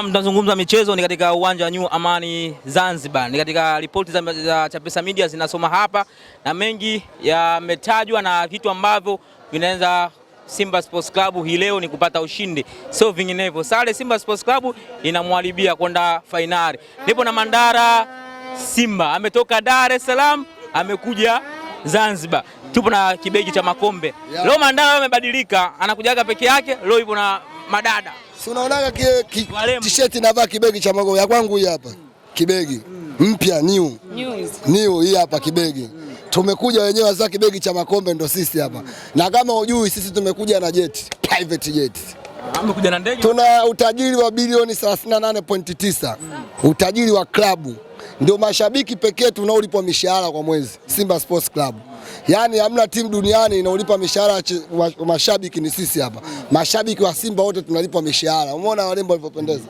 Naam, tunazungumza michezo ni katika uwanja wa New Amani Zanzibar. Ni katika ripoti za, za Chapesa Media zinasoma hapa na mengi yametajwa na vitu ambavyo vinaanza Simba Sports Club hii leo ni kupata ushindi, sio vinginevyo. Sale Simba Sports Club inamwharibia kwenda fainali. Nipo na Mandara Simba, ametoka Dar es Salaam amekuja Zanzibar. Tupo na kibeji cha makombe Leo Mandara amebadilika, anakujaga peke yake, leo yupo na madada Si unaonaga kile ki, t-shirt navaa kibegi cha magogo ya kwangu hii hapa. Kibegi mpya new. New hii hapa kibegi. Tumekuja wenyewe wazaa kibegi cha makombe ndo sisi hapa. Na kama hujui sisi tumekuja na jet, private jet. na ndege. Tuna utajiri wa bilioni 38.9. Utajiri wa klabu. Ndio mashabiki pekee tunaolipwa mishahara kwa mwezi. Simba Sports Club. Yaani hamna timu duniani inaolipa mishahara mashabiki ni sisi hapa. Mashabiki wa Simba wote tunalipa mishahara. Umeona walembo walipopendeza?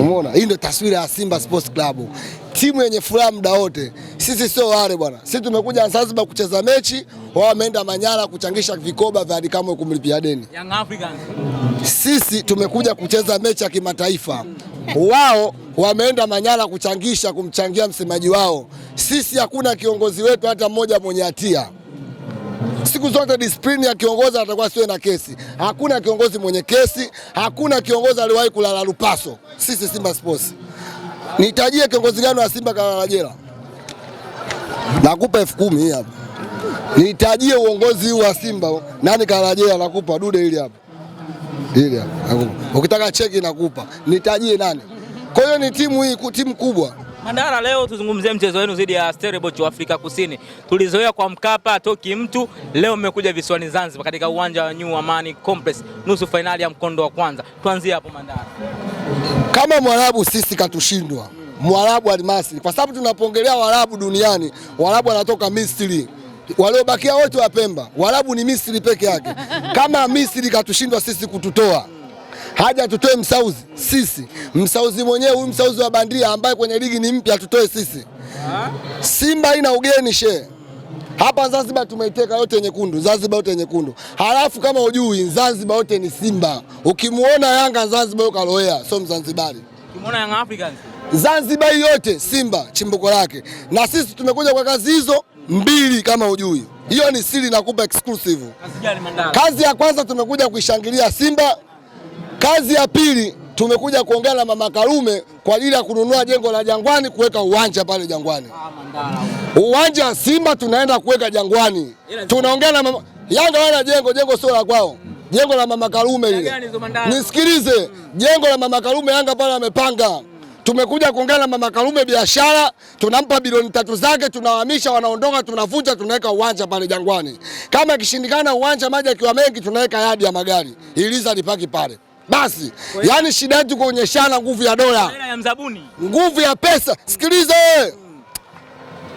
Umeona? Hii ndio taswira ya Simba Sports Club, timu yenye furaha muda wote. Sisi sio wale bwana, sisi tumekuja Zanzibar kucheza mechi, wao wameenda Manyara kuchangisha vikoba vya Adikamwe kumlipia deni. Young Africans. Sisi tumekuja kucheza mechi ya kimataifa, wao wameenda Manyara kuchangisha kumchangia msemaji wao. Sisi hakuna kiongozi wetu hata mmoja mwenye hatia. Siku zote disiplini ya kiongozi atakuwa siwe na kesi. Hakuna kiongozi mwenye kesi, hakuna kiongozi aliwahi kulala lupaso. Sisi Simba Sports, nitajie kiongozi gani wa Simba kalala jela? Nakupa elfu kumi hapa. Nitajie uongozi huu wa Simba nani kalala jela? Nakupa dude ili hapa ili hapa, ukitaka cheki nakupa. Nitajie nani? Kwa hiyo ni timu hii, timu kubwa Mandala, leo tuzungumzie mchezo wenu dhidi ya Stellenbosch wa Afrika Kusini. Tulizoea kwa Mkapa toki mtu, leo mmekuja visiwani Zanzibar katika uwanja wa New Amani Complex, nusu fainali ya mkondo wa kwanza. Tuanzie hapo Mandala. Kama Mwarabu sisi katushindwa Mwarabu Almasri, kwa sababu tunapongelea warabu duniani, warabu wanatoka Misri waliobakia wote wa Pemba, warabu ni Misri peke yake. Kama Misri katushindwa sisi kututoa haja tutoe msauzi sisi, msauzi mwenyewe huyu msauzi wa bandia ambaye kwenye ligi ni mpya, tutoe sisi. Simba ina ugeni she hapa Zanzibar tumeiteka yote nyekundu, Zanzibar yote nyekundu. Halafu kama ujui Zanzibar yote ni Simba. Ukimuona Yanga Zanzibar ukaloea, so Mzanzibari. Ukimuona Yanga Africans Zanzibar yote Simba chimbuko lake, na sisi tumekuja kwa kazi hizo mbili. Kama ujui hiyo ni siri, nakupa exclusive. Kazi ya kwanza tumekuja kuishangilia Simba Kazi ya pili tumekuja kuongea na Mama Karume kwa ajili ya kununua jengo la Jangwani kuweka uwanja pale Jangwani. Ah, uwanja Simba tunaenda kuweka Jangwani. Tunaongea na mama... Yanga wana jengo, jengo sio la kwao. Jengo la Mama Karume ile. Nisikilize, hmm. jengo la Mama Karume Yanga pale amepanga. Tumekuja kuongea na Mama Karume biashara, tunampa bilioni tatu zake, tunawahamisha, wanaondoka, tunavunja, tunaweka uwanja pale Jangwani. Kama ikishindikana uwanja, maji akiwa mengi, tunaweka yadi ya magari. Iliza lipaki pale basi. yani shida yetu kuonyeshana nguvu ya dola, nguvu ya pesa. Sikiliza wewe,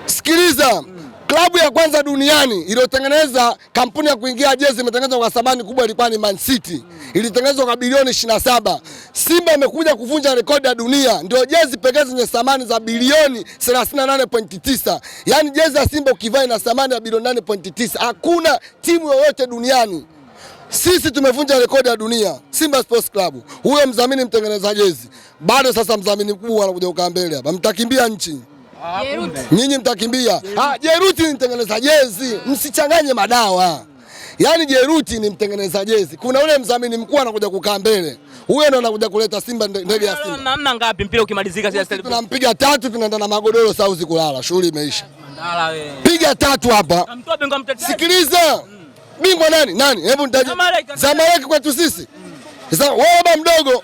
sikiliza klabu ya kwanza duniani iliyotengeneza kampuni ya kuingia jezi imetengenezwa kwa thamani kubwa, ilikuwa ni Man City, ilitengenezwa kwa bilioni 27. Simba imekuja kuvunja rekodi ya dunia, ndio jezi pekee zenye thamani za bilioni 38.9. Yaani jezi ya Simba ukivaa ina thamani ya bilioni 8.9. Hakuna timu yoyote duniani sisi tumevunja rekodi ya dunia, Simba Sports Club. Huyo mdhamini mtengeneza jezi bado, sasa mdhamini mkubwa anakuja ukaa mbele hapa, mtakimbia nchi nyinyi, mtakimbia Jeruti ni mtengeneza jezi, msichanganye madawa. Yaani Jeruti ni mtengeneza jezi, kuna ule mdhamini mkuu anakuja kukaa mbele, huyo ndo anakuja kuleta Simba ndege ya Simba. Namna ngapi mpira ukimalizika, sasa tunampiga tatu, tunaenda na magodoro sauzi kulala, shughuli imeisha. wewe. Piga tatu hapa, sikiliza bingwa nani nani? Hebu nitaje Zamalek kwetu sisi sasa, wewe baba mdogo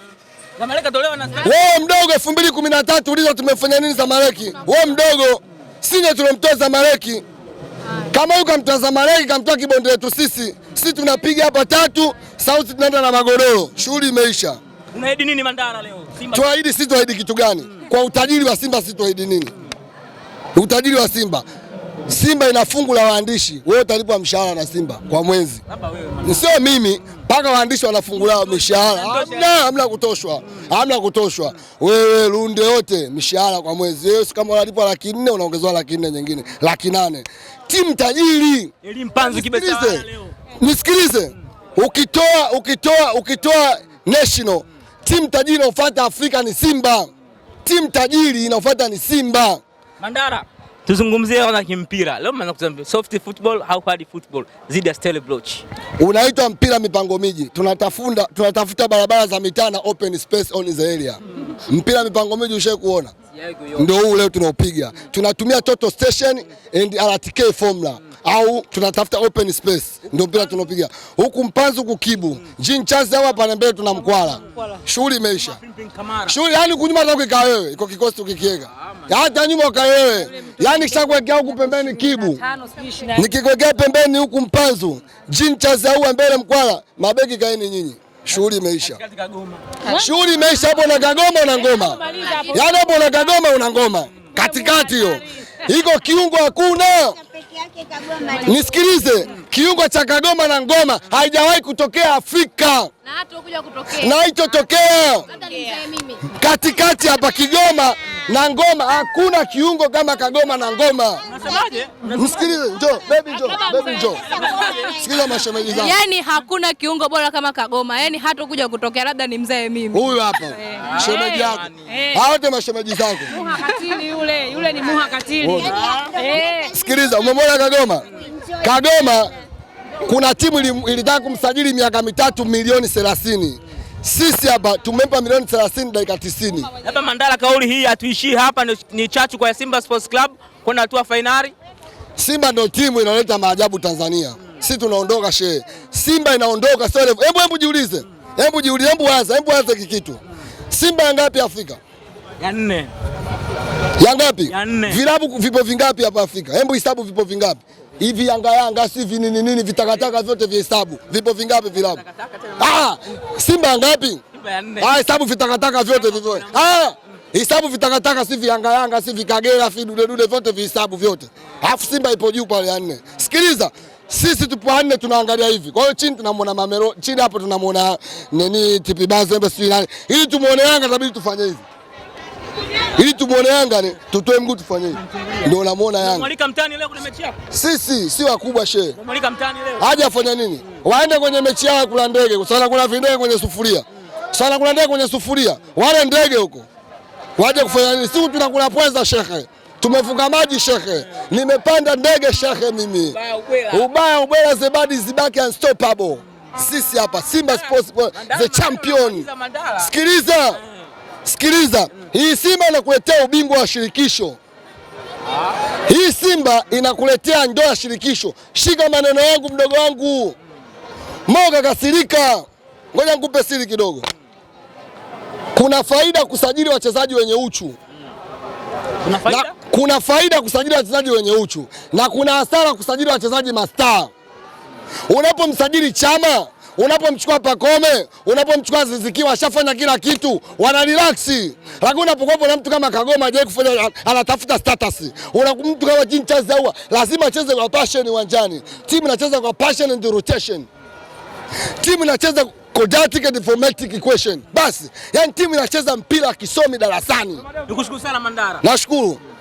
wewe mdogo, elfu mbili kumi na tatu ulizo tumefanya nini Zamaleki? Wewe mdogo, sinye tunamtoa Zamaleki kama huyu kamtoa Zamaleki, kamtoa kibonde letu sisi. Sisi tunapiga hapa tatu sauti, tunaenda na magodoro, shughuli imeisha. Unaahidi nini Mandara leo? Simba tuahidi, sisi tuahidi kitu gani? Kwa utajiri wa Simba, sisi tuahidi nini utajiri wa Simba Simba ina fungu la waandishi, wewe utalipwa mshahara na Simba kwa mwezi, sio mimi. Mpaka waandishi wanafunguliwa mishahara, hamna hamna kutoshwa, hamna kutoshwa. Wewe lunde yote mishahara kwa mwezi, wewe kama unalipwa laki nne unaongezewa laki nne nyingine, laki nane. Timu tajiri, nisikilize. Ukitoa ukitoa ukitoa national, timu tajiri inaofuata Afrika ni Simba, timu tajiri inaofuata ni Simba Mandara Tuzungumzie ona kimpira leo, maana soft football au hard football zidi ya style bloch. Unaitwa mpira mipango miji, tunatafunda tunatafuta barabara za mitaa na open space on the area. Mpira mipango miji ushawahi kuona? Ndio huu leo tunaopiga, tunatumia total station and RTK formula au tunatafuta open space, ndio mpira tunaopiga huku. Mpanzu kukibu jin chance hapa pale mbele tuna mkwala, shughuli imeisha. Shughuli yani kunyuma, ndio kikaa wewe iko kikosi tukikiega hata nyuma kwa wewe. Yaani kishakuwekea huku pembeni kibu, nikikwekea pembeni huku mpanzu jini cha zaua mbele mkwala, mabegi kaeni nyinyi, shughuli imeisha, shughuli imeisha. Hapo na kagoma na ngoma, yaani hapo na kagoma una ngoma katikati hiyo iko kiungo hakuna. Nisikilize, kiungo cha Kagoma na ngoma haijawahi kutokea Afrika na haitotokea katikati hapa Kigoma na ngoma. Hakuna kiungo kama Kagoma na ngoma. Msikilize, njoo baby, njoo baby, njoo sikiliza mashemeji zangu. Yani hakuna kiungo bora kama Kagoma, yani hata kuja kutokea labda ni mzee mimi huyu hapa eh. shemeji eh. yako, wote eh. mashemeji zangu. Muha yule, yule ni muha katili. Sikiliza, umemwona Kagoma? Kagoma kuna timu ilitaka kumsajili miaka mitatu, milioni thelathini sisi hapa tumempa milioni 30 dakika 90. Labda Mandala, kauli hii hatuishii hapa, ni chachu kwa Simba Sports Club kwenda hatua fainali. Simba ndio timu inaleta maajabu Tanzania. Sisi tunaondoka shehe, Simba inaondoka. Hebu hebu jiulize, hebu jiulize, hebu waza, hebu waza kikitu. Simba ngapi Afrika? Ya nne. Ya ngapi? Vilabu vipo vingapi hapa Afrika? Hebu hesabu vipo vingapi? hivi Yanga Yanga si vini nini nini vitakataka vyote vihesabu, vipo vingapi vilabu? Ah, Simba ngapi? Simba ya Ah, hesabu vitakataka vyote hivyo. Ah, hesabu vitakataka si Yanga Yanga si vikagera fi dude dude vyote vihesabu vyote, alafu Simba ipo juu pale ya 4. Sikiliza, sisi tupo wanne tunaangalia hivi. Kwa hiyo chini tunamwona Mamelo, chini hapo tunamwona nini, Tipi Bazembe, sio nani, ili tumuone Yanga tabidi tufanye hivi ili tumuone Yanga ni tutoe mguu tufanye hivi. Ndio unamuona Yanga. Mwalika mtani leo kuna mechi yako? Sisi si wakubwa shehe. Mwalika mtani leo. Haja afanya nini? Waende kwenye mechi yao kula ndege. kwa sababu kuna vindege kwenye sufuria. Sana kuna ndege kwenye sufuria. Wale ndege huko. Waje kufanya nini? Sisi tunakula pweza shehe. Tumefunga maji shehe. Nimepanda ndege shehe mimi. Ubaya ubwela zebadi zibaki unstoppable. Sisi hapa Simba Sports the champion. Sikiliza. Sikiliza, hii Simba inakuletea ubingwa wa shirikisho, hii Simba inakuletea ndoa ya shirikisho. Shika maneno yangu, mdogo wangu Moga kasirika. Ngoja nikupe siri kidogo. Kuna faida kusajili wachezaji wenye uchu kuna faida? Na, kuna faida kusajili wachezaji wenye uchu na kuna hasara kusajili wachezaji mastaa. Unapomsajili Chama Unapomchukua Pakome, unapomchukua Zizikiwa, ashafanya kila kitu, wana relax. Lakini unapokuwa na mtu kama Kagoma ajaye kufanya, anatafuta status. Una mtu kama Jincha Zaua, lazima acheze kwa passion uwanjani. Timu inacheza kwa passion and rotation. Timu inacheza quadratic and formatic equation. Basi, yani timu inacheza mpira kisomi darasani. Nikushukuru sana Mandara. Nashukuru.